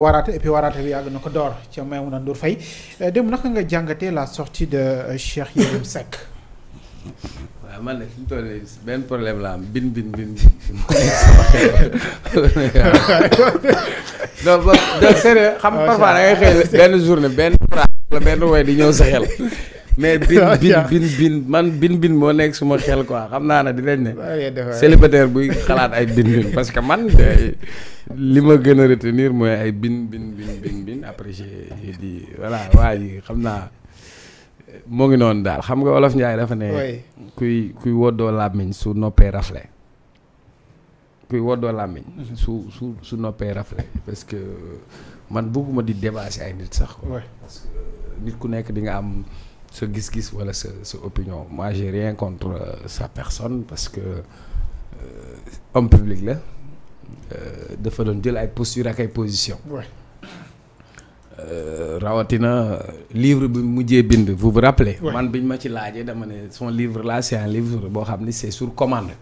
waraate et puis bi yàgg na ko door ca Maïmouna Ndour Faye euh, dem naka nga jàngatee la sortie de euh, Cheikh Yérim Seck. waaw man de fi mu toll benn problème la am bin bin bin. non ba xam oh, parfois da ngay xëy benn journée benn phrase la benn way di ñëw sa xel. mais bin bin bin bin man bin bin moo nekk suma xel quoi xam naa ne dinañ ne. célibataire buy xalaat ay bin bin parce que man li ma gën a retenir mooy ay bin bin bin bin bin après j'ai dit waa xam naa moo ngi noonu daal xam nga olof Njaay dafa ne. kuy kuy woddoo làmmiñ su noppee rafle kuy woddoo làmmiñ mhm. su su su noppee rafle parce que man bëgguma di débasser ay nit sax. nit ku nekk di nga am. sa gis-gis wala sa sa opinion moi j'ai rien contre euh, sa personne parce que euh, homme public la euh, dafa doon jël ay posture ak ay position rawatina livre bi mujjee bind vous vous rappelez man biñ ma ci laajee dama ne son livre là c'est un livre boo xam ni c'est sur commande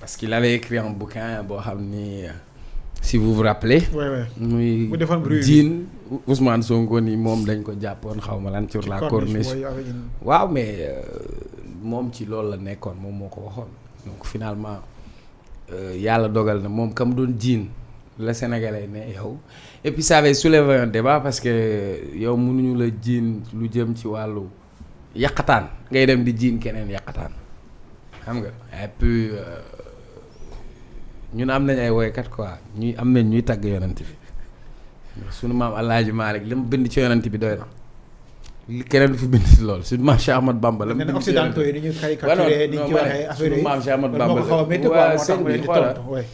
parce que avait écrit un bouquin boo xam ni si vous vous rappelez. muy diin Ousmane Sonko ni moom dañ ko jàppoon xaw ma lan sur la corniche waaw mais euh, moom ci loolu la nekkoon moom moo ko waxoon donc finalement euh, yàlla dogal na moom kam doon diin la sénégalais ne yow et puis ça avait soulevé un débat parce que euh, yow mënuñu la jiin lu jëm ci wàllu yàqataan ngay dem di jiin keneen yàqataan xam nga et ñun am nañ ay woykat quoi ñu am nañ ñuy tàgg yonent bi suñu maam Alaaji Maalik li mu bind ci yonent bi doy na li keneen du fi bind si loolu suñu maam Cheikh Ahmad Bamba la mu bind ci yonent ñu caricaturé di ci waxee affaire yi maam Cheikh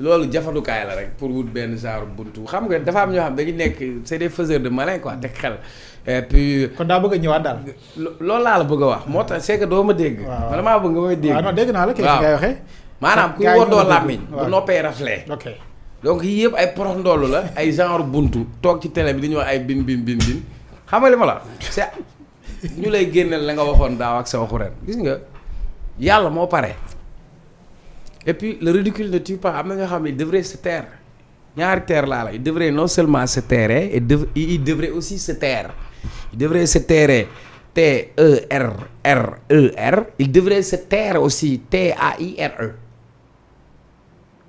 loolu jafandukaay la rek pour wut benn genre buntu xam nga dafa am ñoo xam dañu nekk c'est de faiseurs de malin quoi teg xel et puis. kon daa bëgg ñëwaat daal. loolu laa la bëgg wax moo tax c'est que doo ma dégg. waaw man maa bëgg nga may dégg. waaw naa la kii maanaam kuy woddoo làmmiñ bu noppee raflee donc yii yëpp ay porox ndoolu la ay genre buntu toog ci télé bi di wax ay bin bin bin bin xamali ma la c'est ñu lay génneel la nga waxoon daaw ak sa waxu ren gis nga yàlla moo pare et puis le ridicule ne tue am na nga xam ne il sa se ñaari terre laa la il devrait non seulement sa taire et de aussi sa taire il devrait se taire T E R R E R il devrait se taire aussi T A I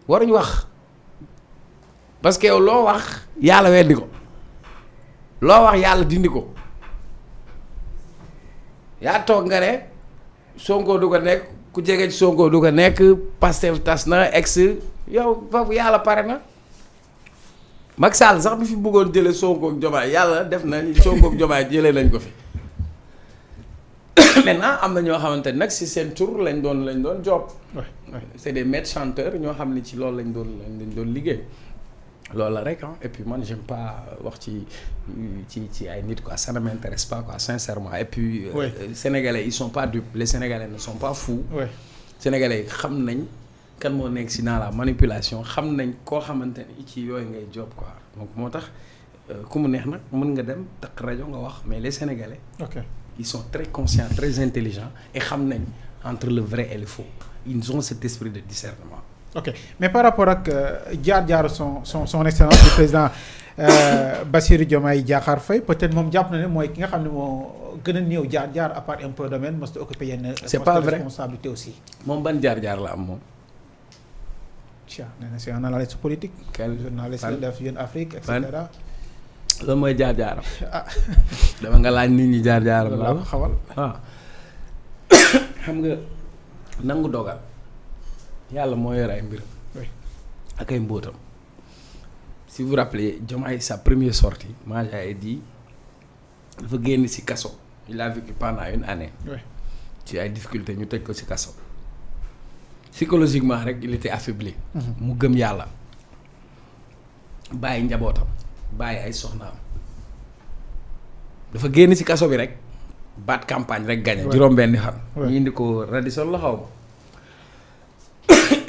waruñ wax parce que yow loo wax yàlla weddi ko loo wax yàlla dindi ko yaa toog nga ne Sonko du ko nekk ku jege ci Sonko du ko nekk Pastef tas na ex yow foofu yàlla pare na Macky Sall sax bi fi bëggoon jële Sonko ak Diomaye yàlla def na Sonko ak Diomaye jëlee nañ ko fi maintenant am na ñoo xamante nag si seen tur lañ doon lañ doon job c' est des maîtres chanteurs ñoo xam ne ci loolu lañ doon lañ doon liggéey lool la rek ah et puis man j'aime pas wax ci ci ci ay nit quoi ça ne m'intéresse pas quoi sincèrement et puis. Oui. Euh, euh sénégalais ne sont pas fous. Oui. sénégalais xam nañ kan moo nekk si dans la manipulation xam nañ koo xamante ni ci yooyu ngay job quoi donc moo tax euh, ku mu neex nag mën nga dem taq rajo nga wax mais les sénégalais. ils sont très conscients très intelligents et xam nañ entre le vrai et le faux ils ont cet esprit de discernement. ok mais par rapport ak euh, jaar jaar son son son excellence le président euh, Bassirou Diomaye Diakhar Faye peut-être moom jàpp na ne mooy ki nga xam ne moo gën a néew jaar-jaar à part impôt domaine mos occupé yenn. c'est pas responsabilité aussi. moom ban jaar-jaar la am moom. tiens nee na c'est un analyste politique. quel journaliste la def Jeune Afrique et loolu mooy jaar jaaram ah. dama nga laaj nit ñi jaar jaaram la xawal ah. xam nga nangu dogal yàlla moo yor ay mbiram ak ay mbóotam si vous rappelez Diomaye sa première sortie moi j'avais dafa génn si kaso il a vécu pendant une année ci ay difficultés ñu teg ko si kaso psychologiquement rek il était affaibli mhm. mu gëm yàlla bàyyi njabootam bàyyi ay soxnaam dafa génn ci kaso bi rek baat campagne rek gañe juróom-benni xam ñu indi ko Radisson la xaw ma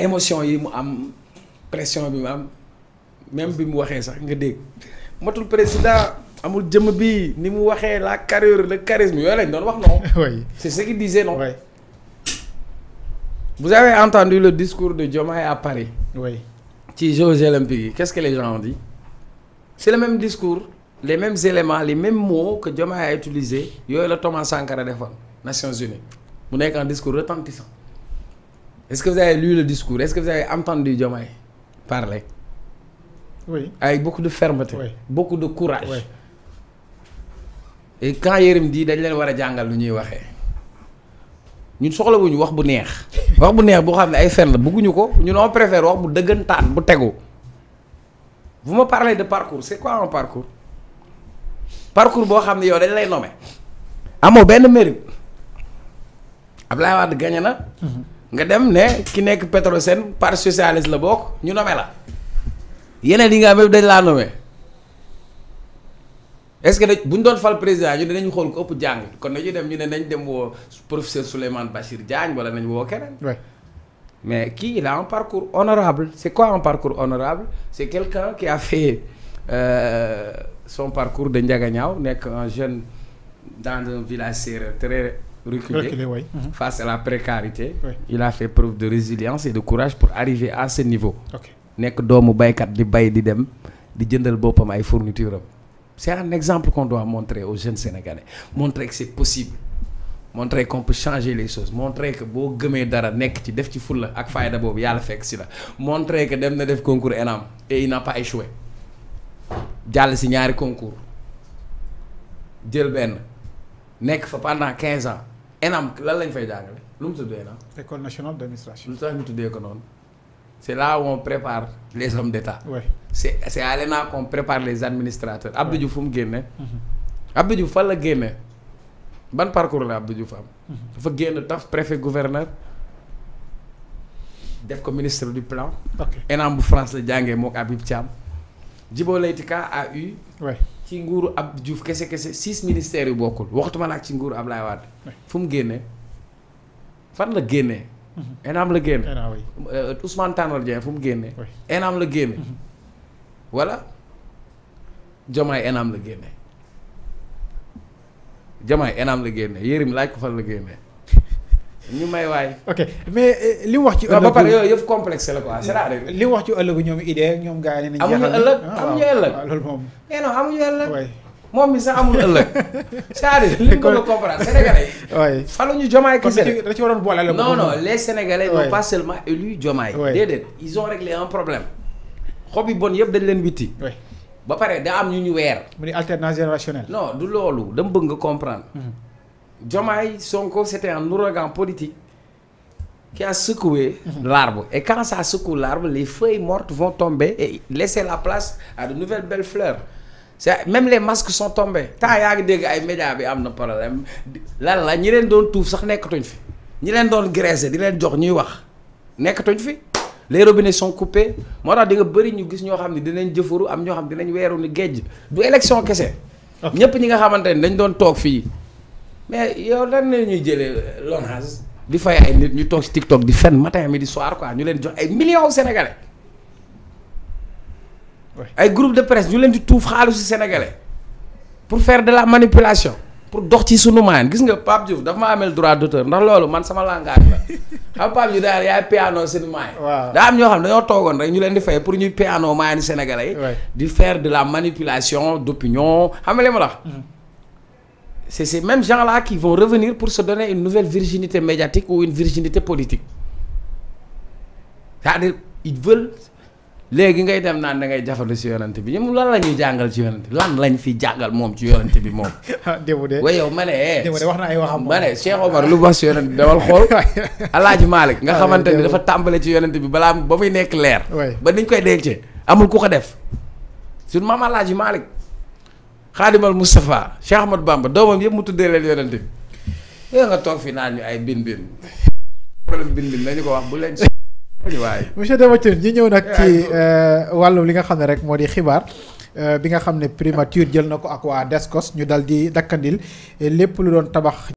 émotion yi mu am pression bi mu am même bi mu waxee sax nga dégg matul président amul jëm bi ni mu waxee la carrure le charisme yooyu lañ doon wax non c'est ce qu'il disait non oui. vous avez entendu le discours de Diomaye à Paris ci Jeux olympiques yi qu'est-ce que les gens ont c'est le même discours les mêmes éléments les même moo que Diomaye a yooyu la Thomas Sankara defoon Nations Unies mu nekk un discours retentissant est-ce que vous avez lu le discours est-ce que vous avez entendu Diomaye parler. oui avec beaucoup de fermeté. Oui. beaucoup de courage. Oui. et quand di dañ leen war a jàngal lu ñuy waxee ñun soxlawuñu wax bu neex. wax bu neex boo xam ne ay fen la bëgguñu ko ñu noo préfère wax bu dëggantaan bu tegu. bu ma parlez de parcours c'est quoi un parcours parcours boo xam ne yow dañ lay nome amoo benn mérite Abdoulaye Wade gagné na mhm. nga dem ne ki nekk Petrosen parti socialiste la bokk ñu nommé la yeneen yi nga xam ne dañ laa nommé est-ce bu ñu doon fal président ñu dañu xool ko ëpp jàng kon dañuy dem ñu ne nañ dem woo professeur Souleymane Bachir jaañ wala nañ woo keneen mais kii il a un parcours honorable c'est quoi un parcours honorable c'est quelqu'un qui a fait euh, son parcours de Ndiaganiao nekk un jeune dans un village sérère très reculé, reculé ouais. Mmh. face à la précarité ouais. il a fait preuve de résilience et de courage pour arriver à ce niveau nekk doomu baykat di bay di dem di jëndal boppam ay fourniture am c'est un exemple qu'on doit montrer aux jeunes sénégalais montrer que c'est possible montrer qu'on peut changer les choses montrer que boo gëmee dara nekk ci def ci fulla ak fayda boobu yàlla fekk si la montrer que dem na def concours ENAM et il n'a pas échoué jàll si ñaari concours jël benn nekk fa pendant quinze ans ENAM lan lañ fay jàngale lu mu tuddee ENAM. école nationale d'administration. lu tax mu tuddee ko noonu. c'est la où on prépare les hommes d'État. oui c'est c'est à l'ENAM prépare les administrateurs. Abdou Diouf fu mu génne. Mhm. Abdou Diouf la génne. ban parcours la Abdou Diouf am. dafa génn taf préfet gouverneur def ko ministre du plan. ok ENAM bu France la jàngee mook Habib Thiam. Djibo Leyti Ka a eu. ci nguuru Abdou Diouf kese kese six ministères yu bokkul waxtuma nag ci nguuru Ablaye Wade. fu mu génnee fan la génnee. Mhm. ENAM la génn euh, Ousmane Tanor Dieng fu mu génnee. ENAM la génne. wala mhm. Diomaye ENAM la génne. jamaay enaam la génne yërim laaj ko fan la génne ñu may waay. ok mais eh, li wax ci. ëllëgu ba pare yooyu yëpp complexe la quoi cest à li wax ci ëllëgu ñoom idée ñoom gaa yi. Ah, amuñu ëllëg amuñu ëllëg amuñu ëllëg. moom mi sax amul ëllëg. c'est-à-dire li ko comprendre sénégalais. waay faluñu jomaay kese de. da ci waroon boole la. non non les sénégalais. n'ont pas seulement élu jomaay. déedéet un problème. xob yu bon yëpp dañ leen witti. ba pare da am ñu ñu weer. mu di alternance générationnelle. non du loolu dama bëgg nga comprendre. Diomaye hmm. Sonko c'était un ouragan politique qui a secoué hmm. l'arbre et quand ça secoue l'arbre les feuilles mortes vont tomber et laisser la place à de nouvelles belles fleurs c'est même les masques sont tombés temps yaa ngi dégg ay médias bi am na problème lan la ñi leen doon tuuf sax nekkatuñ fi ñi leen doon graisser di leen jox ñuy wax nekkatuñ fi les robinets sont coupés moo tax di nga bëri ñu gis ñoo xam ne dinañ jëfaru am ñoo xam ne dinañ weeru ni gejj du élection kese. ñëpp ñi nga xamante ne dañ doon toog fii. mais yow lan la ñuy jëlee LONASE di fay ay nit ñu toog ci TikTok di fen matin midi soir quoi ñu leen jox ay millions sénégalais. ay groupe de presse ñu leen di tuuf xaalisu sénégalais pour faire de la manipulation. pour dox ci sunu maan gis nga Pape Diouf dafa ma amel droit d'auteur ndax loolu man sama langage la xam Pape Diouf daal yaay piano seen maan daa am ñoo xam ne dañoo toogoon rek ñu leen di fay pour ñuy piano maani sénégalais yi di faire de la manipulation d'opinion xam nga li ma la mm-hmm. c'est ces mêmes gens la qui vont revenir pour se donner une nouvelle virginité médiatique ou une virginité politique c'est-à-dire ils léegi ngay dem naan da ngay jafandu si yonent bi mu lan la ñuy jàngal ci yonent bi lan lañ fi jàngal moom ci yonent bi moom. Ah, démb de yow ma ne. Eh, wax na ay waxam ma ne Cheikh Omar lu wax si yonent bi demal xool Alaaji Malick nga ah, xamante ni dafa tàmbale ci yonent bi balaa ba muy nekk leer. ba niñ koy dencee amul ku ko def. suñu maam Alaaji Malick Xaadimal Moustapha Cheikh Ahmadou Bamba doomam yëpp mu tuddee leen yonent bi. yow nga toog fi naan ñu ay bin bin problème bin waay monsieur Demba Thioune ñi ñëw nag ci euh, wàllu li nga xam ne rek moo di xibaar euh, bi nga xam ne primature jël na ko ak waa Descos ñu dal di dakkandil euh, lépp lu doon tabax.